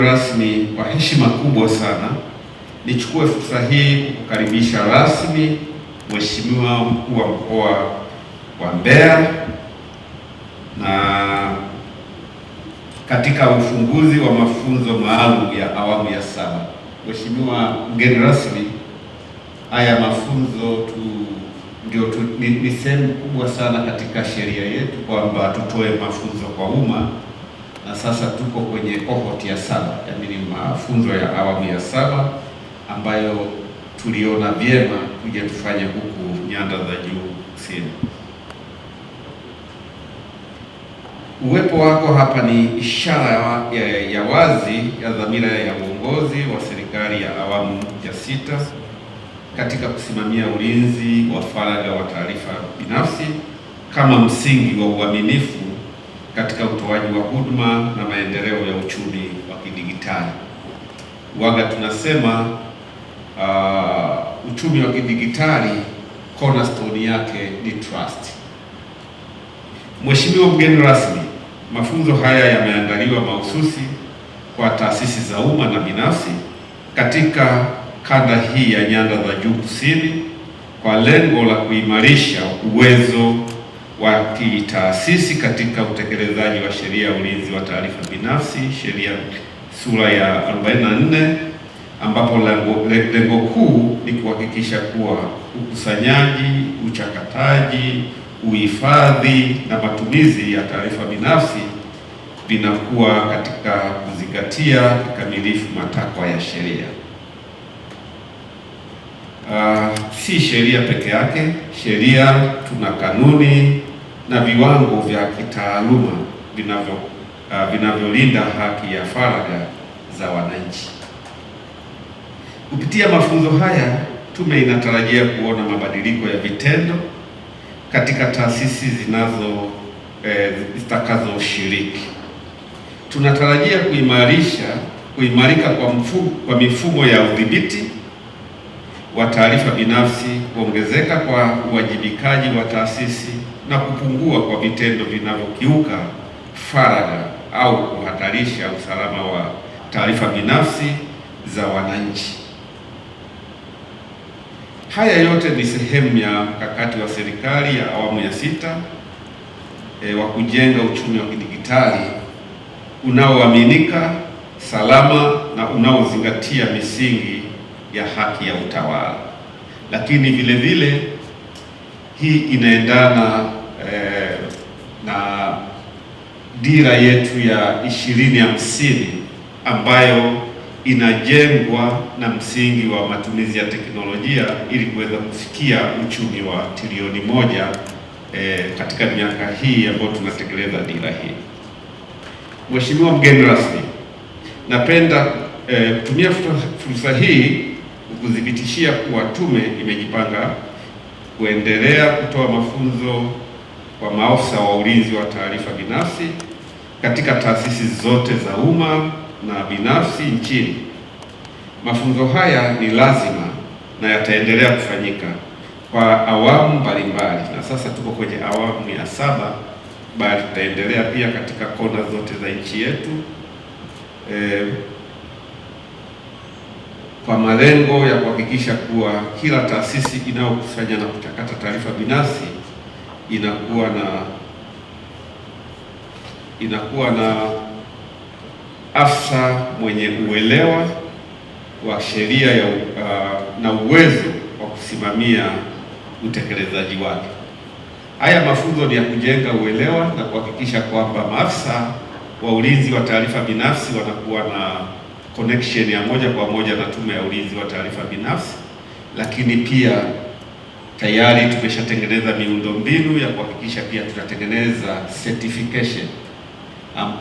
Rasmi kwa heshima kubwa sana nichukue fursa hii kukaribisha rasmi Mheshimiwa Mkuu wa Mkoa wa Mbeya na katika ufunguzi wa mafunzo maalum ya awamu ya saba. Mheshimiwa mgeni rasmi, haya mafunzo tu ndio tu, ni, ni sehemu kubwa sana katika sheria yetu kwamba tutoe mafunzo kwa umma na sasa tuko kwenye cohort ya saba, yaani mafunzo ya awamu ya saba ambayo tuliona vyema kuja tufanye huku nyanda za juu kusini. Uwepo wako hapa ni ishara ya, ya wazi ya dhamira ya uongozi wa serikali ya awamu ya sita katika kusimamia ulinzi wa faragha wa taarifa binafsi kama msingi wa uaminifu katika utoaji wa huduma na maendeleo ya uchumi wa kidigitali. Waga tunasema uh, uchumi wa kidigitali cornerstone yake ni trust. Mheshimiwa mgeni rasmi, mafunzo haya yameandaliwa mahususi kwa taasisi za umma na binafsi katika kanda hii ya nyanda za juu kusini kwa lengo la kuimarisha uwezo wa kitaasisi katika utekelezaji wa sheria ya ulinzi wa taarifa binafsi, sheria sura ya 44 ambapo lengo, kuu ni kuhakikisha kuwa ukusanyaji, uchakataji, uhifadhi na matumizi ya taarifa binafsi vinakuwa katika kuzingatia kikamilifu matakwa ya sheria. Uh, si sheria peke yake, sheria tuna kanuni na viwango vya kitaaluma vinavyo uh, vinavyolinda haki ya faragha za wananchi. Kupitia mafunzo haya, tume inatarajia kuona mabadiliko ya vitendo katika taasisi zinazo eh, zitakazoshiriki. Tunatarajia kuimarisha kuimarika kwa, kwa mifumo ya udhibiti wa taarifa binafsi, kuongezeka kwa uwajibikaji wa taasisi na kupungua kwa vitendo vinavyokiuka faragha au kuhatarisha usalama wa taarifa binafsi za wananchi. Haya yote ni sehemu ya mkakati wa serikali ya awamu ya sita e, wa kujenga uchumi wa kidigitali unaoaminika, salama na unaozingatia misingi ya haki ya utawala. Lakini vile vile hii inaendana dira yetu ya ishirini hamsini ambayo inajengwa na msingi wa matumizi ya teknolojia ili kuweza kufikia uchumi wa trilioni moja e, katika miaka hii ambayo tunatekeleza dira hii. Mheshimiwa mgeni rasmi, napenda e, kutumia fursa hii kukuthibitishia kuwa tume imejipanga kuendelea kutoa mafunzo kwa maafisa wa ulinzi wa taarifa binafsi katika taasisi zote za umma na binafsi nchini. Mafunzo haya ni lazima na yataendelea kufanyika kwa awamu mbalimbali, na sasa tuko kwenye awamu ya saba, bali tutaendelea pia katika kona zote za nchi yetu eh, kwa malengo ya kuhakikisha kuwa kila taasisi inayokusanya na kuchakata taarifa binafsi inakuwa na inakuwa na afisa mwenye uelewa wa sheria ya uh, na uwezo wa kusimamia utekelezaji wake. Haya mafunzo ni ya kujenga uelewa na kuhakikisha kwamba maafisa wa ulinzi wa taarifa binafsi wanakuwa na connection ya moja kwa moja na Tume ya Ulinzi wa Taarifa Binafsi, lakini pia tayari tumeshatengeneza miundo mbinu ya kuhakikisha pia tunatengeneza certification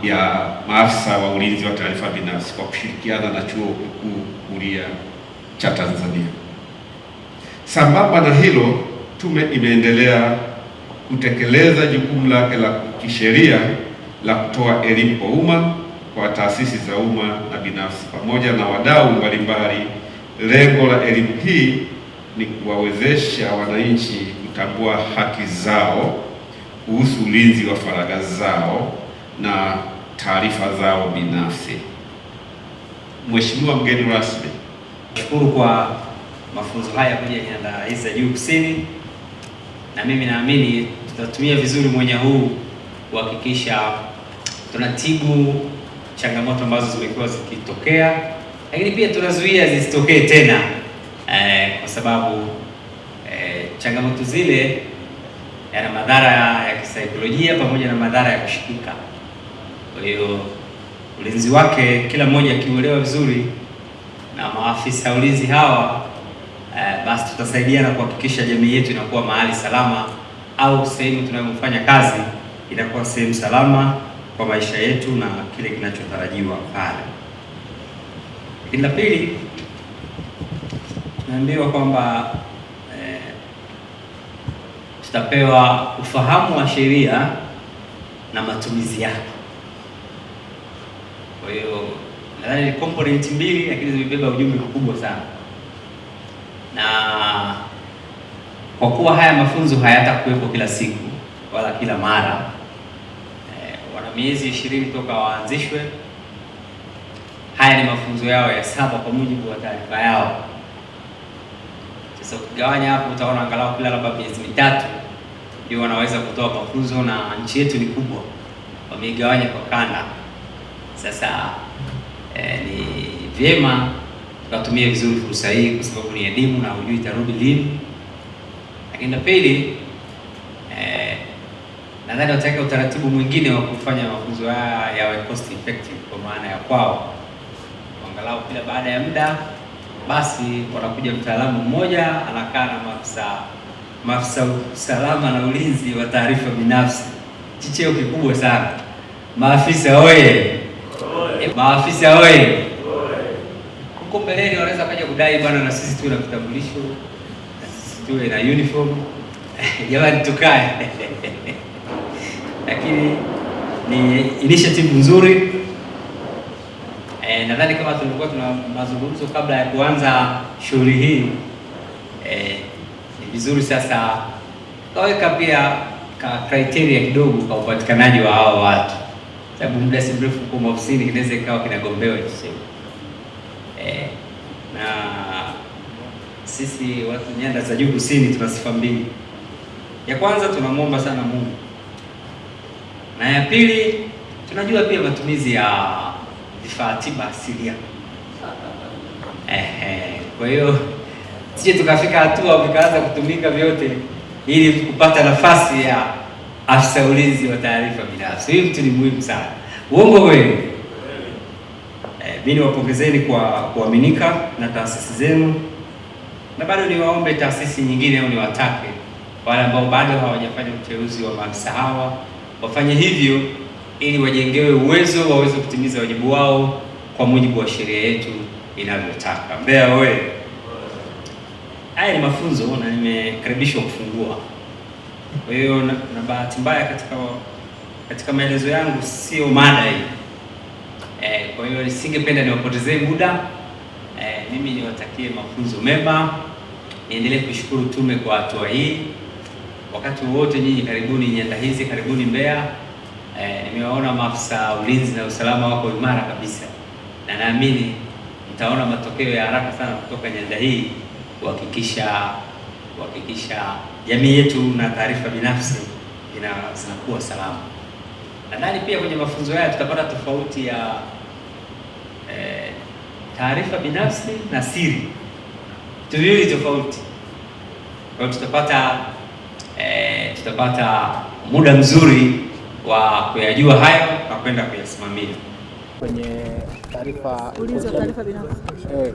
ya maafisa wa ulinzi wa taarifa binafsi kwa kushirikiana na chuo kikuu huria cha Tanzania. Sambamba na hilo, tume imeendelea kutekeleza jukumu lake la kisheria la kutoa elimu kwa umma kwa taasisi za umma na binafsi pamoja na wadau mbalimbali. Lengo la elimu hii ni kuwawezesha wananchi kutambua haki zao kuhusu ulinzi wa faragha zao na taarifa zao binafsi. Mheshimiwa mgeni rasmi, nashukuru kwa mafunzo haya kuja nyanda hizi za juu kusini, na mimi naamini tutatumia vizuri mwenye huu kuhakikisha tunatibu changamoto ambazo zimekuwa zikitokea, lakini pia tunazuia zisitokee tena eh, kwa sababu eh, changamoto zile yana eh, madhara ya kisaikolojia pamoja na madhara ya kushikika. Kwa hiyo ulinzi wake kila mmoja akiuelewa vizuri na maafisa ulinzi hawa eh, basi tutasaidiana kuhakikisha jamii yetu inakuwa mahali salama au sehemu tunayofanya kazi inakuwa sehemu salama kwa maisha yetu na kile kinachotarajiwa pale. Lakini la pili, tunaambiwa kwamba eh, tutapewa ufahamu wa sheria na matumizi yake. Kwa hiyo nadhani ni component mbili, lakini zimebeba ujumbe mkubwa sana, na kwa kuwa haya mafunzo hayatakuwepo kila siku wala kila mara eh, wana miezi ishirini toka waanzishwe. Haya ni mafunzo yao ya saba kwa mujibu wa taarifa yao. Sasa ukigawanya hapo, utaona angalau kila labda miezi mitatu ndio wanaweza kutoa mafunzo, na nchi yetu ni kubwa, wameigawanya kwa kanda. Sasa eh, ni vyema tukatumia vizuri fursa hii kwa sababu ni elimu na hujui itarudi lini. Lakini la pili eh, nadhani wataweka utaratibu mwingine wa kufanya mafunzo haya yawe cost effective kwa maana ya kwao, angalau kila baada ya muda basi wanakuja mtaalamu mmoja anakaa na maafisa maafisa usalama na ulinzi wa taarifa binafsi, chicheo kikubwa sana maafisa oye Maafisa oye! Huko mbeleni wanaweza kaja kudai bwana, na sisi tuwe na kitambulisho, na sisi tuwe na uniform jamani, tukae lakini ni initiative nzuri e, nadhani kama tulikuwa tuna mazungumzo kabla ya kuanza shughuli hii e, ni vizuri sasa kaweka pia ka criteria kidogo kwa upatikanaji wa hao watu sababu muda si mrefu kwa maofisini kinaweza ikawa kinagombewa tuseme eh, na sisi watu nyanda za juu kusini tuna sifa mbili. Ya kwanza tunamwomba sana Mungu, na ya pili tunajua pia matumizi ya vifaa tiba asilia eh, eh. Kwa hiyo sije tukafika hatua vikaanza kutumika vyote ili kupata nafasi ya afisa ulinzi wa taarifa binafsi. Huyu mtu ni muhimu sana, uongo kweli? Eh, Mi niwapongezeni kwa kuaminika na taasisi zenu, na bado niwaombe taasisi nyingine au niwatake wale ambao bado hawajafanya uteuzi wa maafisa hawa wafanye hivyo, ili wajengewe uwezo, waweze kutimiza wajibu wao kwa mujibu wa sheria yetu inavyotaka. Mbeya oye! Haya ni mafunzo na nimekaribishwa kufungua kwa hiyo na, na bahati mbaya katika katika maelezo yangu sio mada hii e, kwa hiyo nisingependa niwapotezee muda e, mimi niwatakie mafunzo mema. Niendelee kushukuru tume kwa hatua hii. Wakati wowote nyinyi karibuni nyanda hizi, karibuni Mbeya. E, nimewaona maafisa ulinzi na usalama wako imara kabisa, na naamini mtaona matokeo ya haraka sana kutoka nyanda hii kuhakikisha kuhakikisha jamii yetu na taarifa binafsi ina zinakuwa salama. Nadhani pia kwenye mafunzo haya tutapata tofauti ya eh, taarifa binafsi na siri, vitu tofauti. Kwa hiyo tutapata eh, tutapata muda mzuri wa kuyajua hayo na kwenda kuyasimamia kwenye taarifa binafsi eh,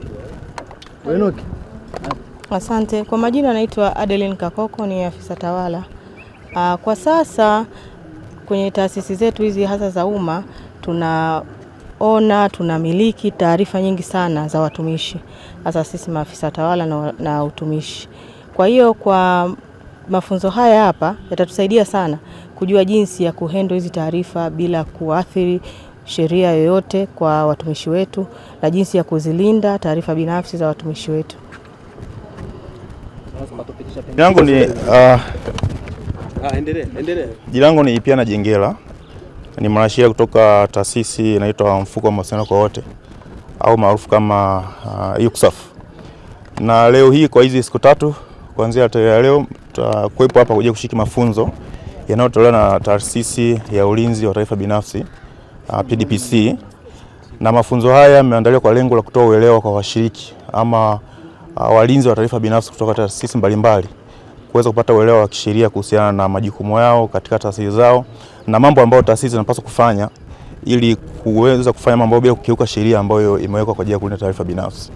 Asante. Kwa majina naitwa Adeline Kakoko, ni afisa tawala. Aa, ah, kwa sasa kwenye taasisi zetu hizi hasa za umma tunaona tunamiliki taarifa nyingi sana za watumishi, hasa sisi maafisa tawala na, na utumishi. Kwa hiyo kwa mafunzo haya hapa yatatusaidia sana kujua jinsi ya kuhendo hizi taarifa bila kuathiri sheria yoyote kwa watumishi wetu na jinsi ya kuzilinda taarifa binafsi za watumishi wetu. Ah, ah, ah, jina langu ni Ipiana Jengela, ni mwanasheria kutoka taasisi inaitwa Mfuko wa Mawasiliano kwa Wote au maarufu kama UCSAF. Na leo hii kwa hizi siku tatu kuanzia tarehe ya leo tutakuwepo hapa kuja kushiriki mafunzo yanayotolewa na taasisi ya ulinzi wa taarifa binafsi PDPC, na mafunzo haya yameandaliwa kwa lengo la kutoa uelewa kwa washiriki ama Ah, walinzi wa taarifa binafsi kutoka taasisi mbalimbali kuweza kupata uelewa wa kisheria kuhusiana na majukumu yao katika taasisi zao na mambo ambayo taasisi zinapaswa kufanya ili kuweza kufanya mambo bila kukiuka sheria ambayo imewekwa kwa ajili ya kulinda taarifa binafsi.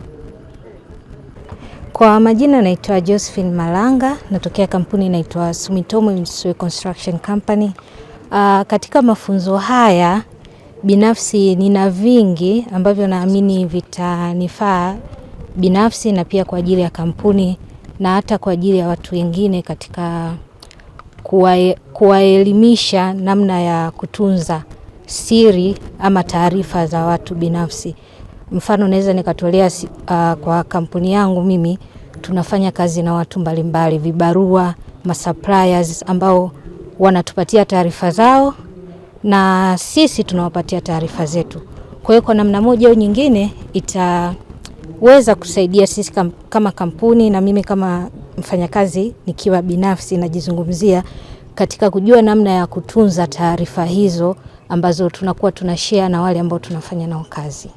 Kwa majina naitwa Josephine Malanga, natokea kampuni inaitwa Sumitomo Mitsui Construction Company. Uh, katika mafunzo haya binafsi nina vingi ambavyo naamini vitanifaa binafsi na pia kwa ajili ya kampuni na hata kwa ajili ya watu wengine katika kuwaelimisha namna ya kutunza siri ama taarifa za watu binafsi. Mfano naweza nikatolea uh, kwa kampuni yangu mimi tunafanya kazi na watu mbalimbali vibarua masuppliers ambao wanatupatia taarifa zao na sisi tunawapatia taarifa zetu. Kwa hiyo kwa namna moja au nyingine ita weza kusaidia sisi kama kampuni na mimi kama mfanyakazi nikiwa binafsi najizungumzia katika kujua namna ya kutunza taarifa hizo ambazo tunakuwa tunashare na wale ambao tunafanya nao kazi.